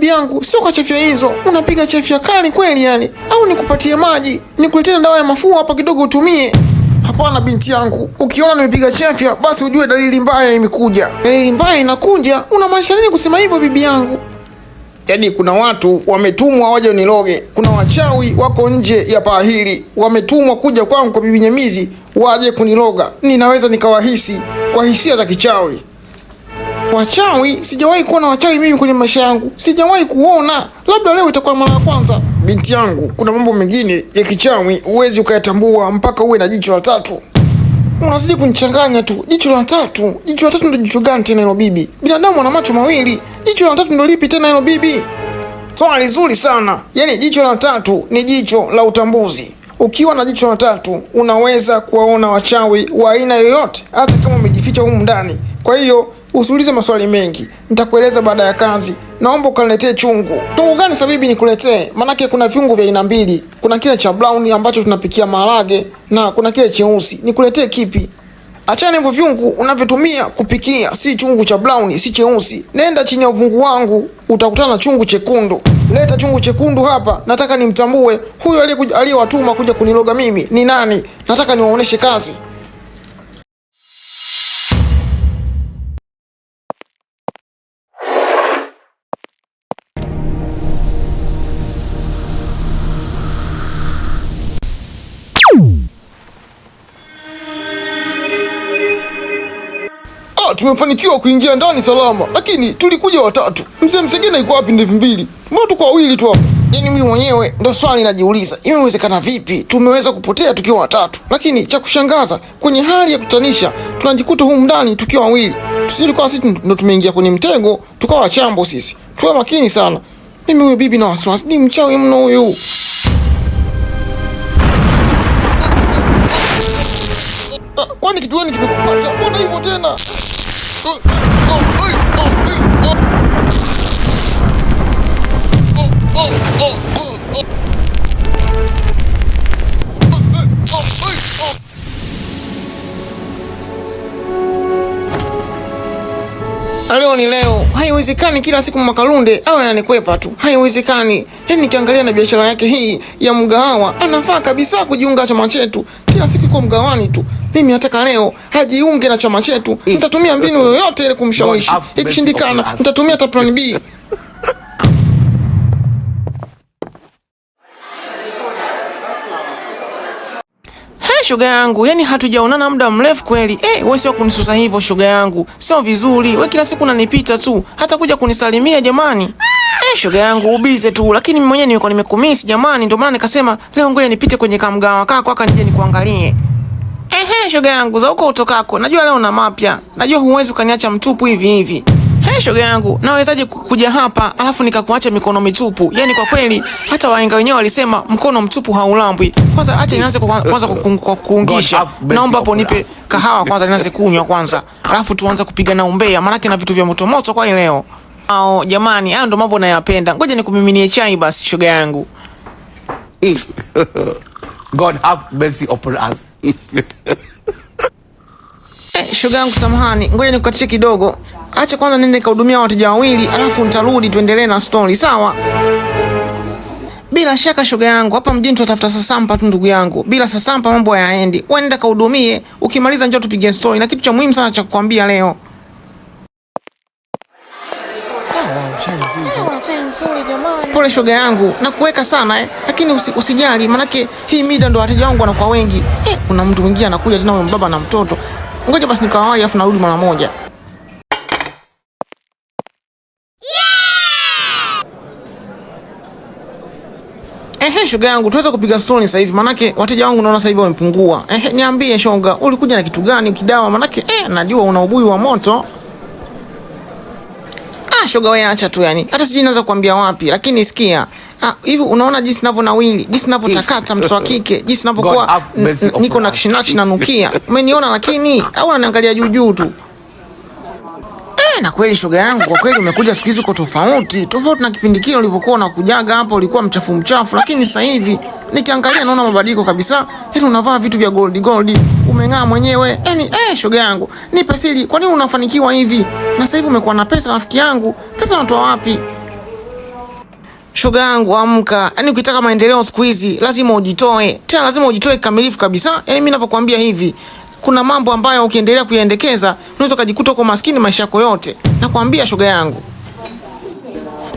bibi yangu, sio kwa chafya hizo, unapiga chafya kali kweli yani. Au nikupatie maji, nikuletee dawa ya mafua hapa kidogo utumie? Hapana binti yangu, ukiona nimepiga chafya basi ujue dalili mbaya imekuja. Dalili mbaya inakuja? Unamaanisha nini kusema hivyo bibi yangu? Yaani kuna watu wametumwa waje niloge, kuna wachawi wako nje ya paa hili wametumwa kuja kwangu kwa bibi Nyamizi waje kuniloga. Ninaweza nikawahisi kwa hisia za kichawi. Wachawi? Sijawahi kuona wachawi mimi kwenye maisha yangu, sijawahi kuona, labda leo itakuwa mara ya kwanza. Binti yangu, kuna mambo mengine ya kichawi huwezi ukayatambua mpaka uwe na jicho la tatu. Unazidi kunichanganya tu. Jicho la tatu? Jicho la tatu ndo jicho gani tena hilo bibi? Binadamu ana macho mawili, jicho la tatu ndo lipi tena hilo bibi? Swali zuri sana. Yaani jicho la tatu ni jicho la utambuzi. Ukiwa na jicho la tatu unaweza kuwaona wachawi wa aina yoyote, hata kama umejificha humu ndani. Kwa hiyo Usiulize maswali mengi, nitakueleza baada ya kazi. Naomba ukaniletee chungu. Chungu gani Sabibi nikuletee? Maanake kuna viungo vya aina mbili, kuna kile cha brown ambacho tunapikia maharage na kuna kile cheusi. Nikuletee kipi? Achana hivyo vyungu unavyotumia kupikia, si chungu cha brown, si cheusi. Nenda chini ya uvungu wangu utakutana na chungu chekundu. Leta chungu chekundu hapa, nataka nimtambue huyo aliyewatuma kuja kuniloga mimi ni nani. Nataka niwaoneshe kazi. tumefanikiwa kuingia ndani salama, lakini tulikuja watatu. Mzee Msegena iko wapi? Ndevi mbili, mbona tuko wawili tu hapa? Yaani mimi mwenyewe ndo swali najiuliza, imewezekana vipi tumeweza kupotea tukiwa watatu? Lakini cha kushangaza, kwenye hali ya kutanisha tunajikuta humu ndani tukiwa wawili. Tusilikuwa sisi ndo tumeingia kwenye mtego tukawa chambo sisi. Tuwe makini sana. Mimi huyo bibi na wasiwasi, ni mchawi mno huyu. Ah, kwani kitu gani kimekupata? Mbona hivyo tena? Leo ni leo, haiwezekani kila siku Makalunde au ananikwepa tu, haiwezekani. Yaani nikiangalia na biashara yake hii ya mgahawa, anafaa kabisa kujiunga chama chetu, kila siku iko mgawani tu mimi nataka leo hajiunge na chama chetu. Nitatumia mbinu yoyote ile kumshawishi, ikishindikana nitatumia hata plan B. Shoga yangu, yani hatujaonana muda mrefu kweli. Eh, wewe sio kunisusa hivyo shoga yangu, sio vizuri. Wewe kila siku unanipita tu, hata kuja kunisalimia jamani. Eh, shoga yangu ubize tu, lakini mimi mwenyewe nilikuwa nimekumisi jamani, ndio maana nikasema leo ngoja nipite kwenye kamgawa kaka aka nije nikuangalie. Ehe, shoga yangu, za huko utokako najua leo una mapya, najua huwezi ukaniacha mtupu hivi hivi. He, shoga yangu, nawezaje kuja hapa alafu nikakuacha mikono mitupu? Yaani kwa kweli hata wahenga wenyewe walisema mkono mtupu haulambwi. Kwanza acha nianze kwanza kwa kuungisha, naomba hapo nipe kahawa kwanza nianze kunywa kwanza, alafu tuanze kupiga na umbea, maana na vitu vya moto moto kwa leo. Ao jamani, hayo ndo mambo nayapenda. Ngoja nikumiminie chai basi, shoga yangu. God have mercy upon us. Eh, shoga yangu samahani, ngoja nikukatishe kidogo. Acha kwanza nende kahudumia wateja wawili, alafu nitarudi tuendelee na story, sawa? Bila shaka shoga yangu, hapa mjini tutatafuta sasampa tu ndugu yangu. Bila sasampa mambo hayaendi. Wewe nenda kahudumie, ukimaliza njoo tupige story na kitu cha muhimu sana cha kukwambia leo. Ah, Pole shoga yangu, nakuweka sana eh lakini usi, usijali manake hii mida ndo wateja wangu wanakuwa wengi. Eh, kuna mtu mwingine anakuja tena, huyo mbaba na mtoto. Ngoja basi nikawahi, afu narudi mara moja. Ehe, shoga yangu, tuweza kupiga stori sasa hivi, manake wateja wangu naona sasa hivi wamepungua. Ehe, niambie shoga, ulikuja na kitu gani ukidawa? Manake eh, najua una ubui wa moto. Ah, shoga wewe, acha tu yani, hata sijui naweza kuambia wapi, lakini sikia Ah, hivi unaona jinsi ninavyo nawili, jinsi ninavyotakata mtoto wa kike, jinsi ninavyokuwa niko na kishinachi na nukia. Umeniona lakini au unaniangalia juu juu tu? Eh, na kweli shoga yangu, kwa kweli umekuja siku hizi uko tofauti. Tofauti na kipindi kile ulivyokuwa unakujaga hapo ulikuwa mchafu mchafu, lakini sasa hivi nikiangalia naona mabadiliko kabisa. Yaani unavaa vitu vya gold gold. Umeng'aa mwenyewe. Yaani eh, shoga yangu, nipe siri, kwa nini unafanikiwa hivi? Na sasa hivi umekuwa na pesa rafiki yangu. Pesa unatoa wapi? Shoga yangu amka. Yaani ukitaka maendeleo siku hizi lazima ujitoe. Tena lazima ujitoe kikamilifu kabisa. Yaani mimi ninapokuambia hivi, kuna mambo ambayo ukiendelea kuyaendekeza unaweza kujikuta uko maskini maisha yako yote. Nakwambia shoga yangu.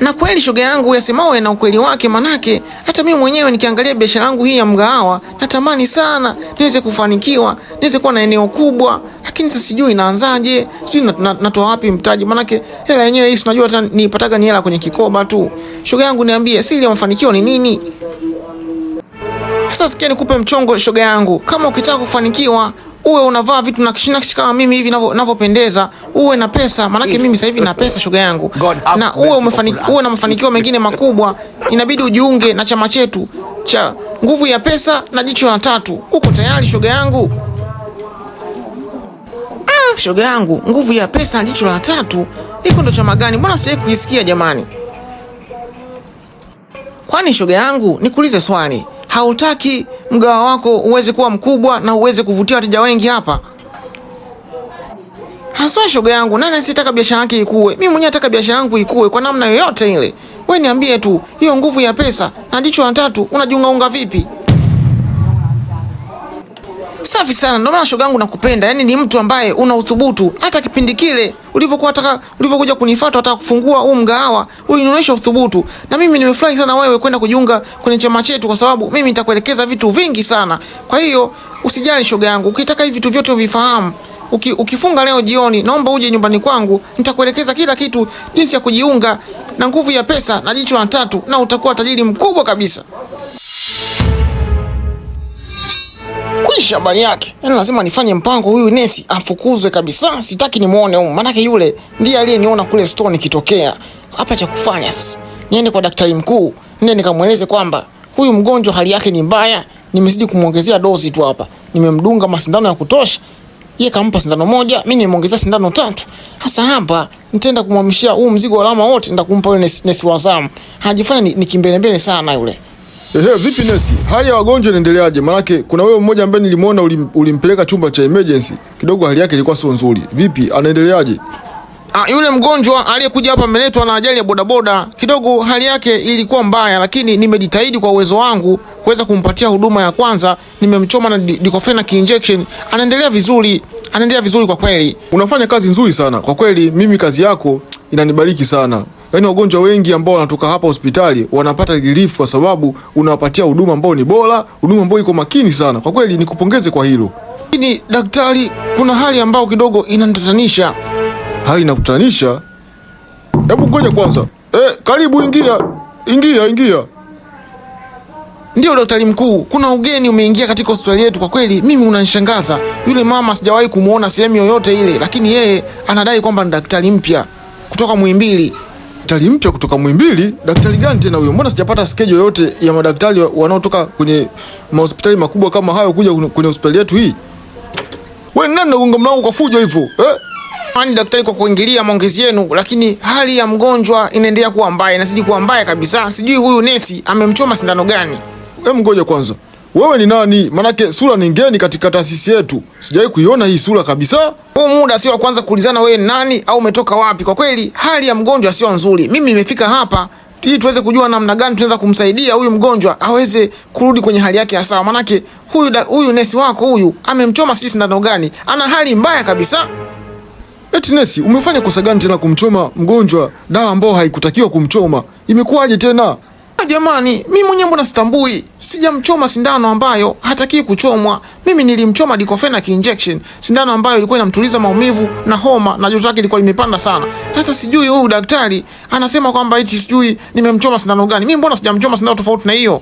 Na kweli shoga yangu Yasemawe na ukweli wake, manake hata mimi mwenyewe nikiangalia biashara yangu hii ya mgahawa natamani sana niweze kufanikiwa, niweze kuwa na eneo kubwa, lakini sasa sijui inaanzaje, sijui nat, nat, natoa wapi mtaji, manake hela yenyewe hii tunajua hata nipataga ni hela kwenye kikoba tu. Shoga yangu, niambie siri ya mafanikio ni nini? Sasa sikia, nikupe mchongo shoga yangu, kama ukitaka kufanikiwa uwe unavaa vitu na kishinakshi kama mimi hivi ninavyopendeza, uwe na pesa, maanake mimi sasa hivi na pesa, shoga yangu, na uwe umefanikiwa, uwe na mafanikio mengine makubwa, inabidi ujiunge na chama chetu cha nguvu ya pesa na jicho la tatu. Uko tayari shoga yangu? Mm, ah, shoga yangu, nguvu ya pesa na jicho la tatu, iko ndo chama gani? Mbona sijawahi kukisikia jamani? Kwani shoga yangu, nikuulize swali, hautaki mgawa wako uweze kuwa mkubwa na uweze kuvutia wateja wengi hapa. Haswa shoga yangu, nani asitaka biashara yake ikue? Mimi mwenyewe nataka biashara yangu ikue kwa namna yoyote ile. Wewe niambie tu, hiyo nguvu ya pesa na jicho la tatu unajiungaunga vipi? Safi sana, ndio maana shoga yangu nakupenda. Yaani ni mtu ambaye una uthubutu, hata kipindi kile ulivyokuwa unataka ulivyokuja kunifuata unataka kufungua huu mgahawa huu, inaonyesha uthubutu. Na mimi nimefurahi sana wewe kwenda kujiunga kwenye chama chetu, kwa sababu mimi nitakuelekeza vitu vingi sana. Kwa hiyo usijali, shoga yangu, ukitaka hivi vitu vyote uvifahamu Uki, ukifunga leo jioni, naomba uje nyumbani kwangu, nitakuelekeza kila kitu, jinsi ya kujiunga na nguvu ya pesa na jicho la tatu, na utakuwa tajiri mkubwa kabisa. Kwisha habari yake. Yaani lazima nifanye mpango, huyu nesi afukuzwe kabisa, sitaki nimuone huyu. Maana yule ndiye aliyeniona kule store nikitokea. Hapa cha kufanya sasa, niende kwa daktari mkuu, nende nikamweleze kwamba huyu mgonjwa hali yake ni mbaya, nimezidi kumwongezea dozi tu hapa, nimemdunga masindano ya kutosha Yeye kampa sindano moja, mimi nimeongezea sindano tatu. Sasa hapa nitaenda kumhamishia huu mzigo wa alama wote, nitakumpa yule nesi, nesi zamu. Hajifanya ni, ni kimbelembele sana yule. Ehe, vipi nesi? Hali ya wagonjwa inaendeleaje? Maanake kuna wewe mmoja ambaye nilimuona ulimpeleka chumba cha emergency. Kidogo hali yake ilikuwa sio nzuri. Vipi? Anaendeleaje? Ah, yule mgonjwa aliyekuja hapa ameletwa na ajali ya bodaboda. Kidogo hali yake ilikuwa mbaya, lakini nimejitahidi kwa uwezo wangu kuweza kumpatia huduma ya kwanza. Nimemchoma na diclofenac injection. Anaendelea vizuri. Anaendelea vizuri kwa kweli. Unafanya kazi nzuri sana. Kwa kweli mimi kazi yako inanibariki sana yani wagonjwa wengi ambao wanatoka hapa hospitali wanapata relief kwa sababu unawapatia huduma ambayo ni bora, huduma ambayo iko makini sana. Kwa kweli nikupongeze kwa hilo. Lakini daktari, kuna hali ambayo kidogo inanitatanisha. Hali inakutatanisha? Hebu ngoja kwanza. Eh, karibu ingia. Ingia, ingia. Ndiyo daktari mkuu, kuna ugeni umeingia katika hospitali yetu. Kwa kweli mimi unanishangaza. Yule mama sijawahi kumwona sehemu yoyote ile, lakini yeye anadai kwamba ni daktari mpya kutoka Muhimbili daktari mpya kutoka Muhimbili. Daktari gani tena huyo? Mbona sijapata schedule yote ya madaktari wanaotoka kwenye mahospitali makubwa kama hayo kuja kwenye hospitali yetu hii? Wewe nani unagonga mlango kwa fujo hivyo eh? Ani daktari, kwa kuingilia maongezi yenu, lakini hali ya mgonjwa inaendelea kuwa mbaya, inazidi kuwa mbaya kabisa. Sijui huyu nesi amemchoma sindano gani. Hem, ngoja kwanza wewe ni nani? Manake sura ni ngeni katika taasisi yetu, sijawahi kuiona hii sura kabisa. Huu muda sio wa kwanza kuulizana wewe ni nani au umetoka wapi. Kwa kweli hali ya mgonjwa sio nzuri. Mimi nimefika hapa ili tuweze kujua namna gani tunaweza kumsaidia huyu mgonjwa aweze kurudi kwenye hali yake ya sawa. Manake huyu da, huyu nesi wako huyu amemchoma sisi ndano gani? Ana hali mbaya kabisa. Eti nesi, umefanya kosa gani tena kumchoma mgonjwa dawa ambayo haikutakiwa kumchoma? Imekuwaje tena? Jamani, mi mwenyewe mbona sitambui? Sijamchoma sindano ambayo hataki kuchomwa. Mimi nilimchoma diclofenac injection, sindano ambayo ilikuwa inamtuliza maumivu na homa, na joto lake ilikuwa limepanda sana. Sasa sijui huyu daktari anasema kwamba eti sijui nimemchoma sindano gani. Mimi mbona sijamchoma sindano tofauti na hiyo?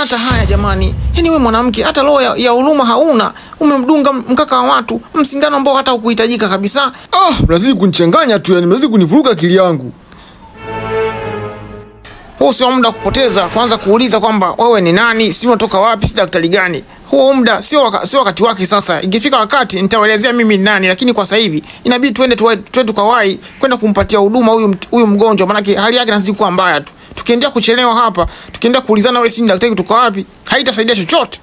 Hata haya jamani, yani wewe mwanamke, hata roho ya, ya huruma hauna. Umemdunga mkaka wa watu msindano ambao hata hukuhitajika kabisa. Ah, oh, lazima kunichanganya tu, yani lazima kunivuruga akili yangu. Huu sio muda kupoteza kwanza kuuliza kwamba wewe ni nani, si unatoka wapi, si daktari gani. Huo muda sio waka, sio wakati wake. Sasa ikifika wakati nitawaelezea mimi ni nani, lakini kwa sasa hivi inabidi tuende tuwe tukawai kwenda kumpatia huduma huyu huyu mgonjwa, maana hali yake inazidi kuwa mbaya tu. Tukiendelea kuchelewa hapa, tukiendelea kuulizana, wewe si daktari kutoka wapi, haitasaidia chochote.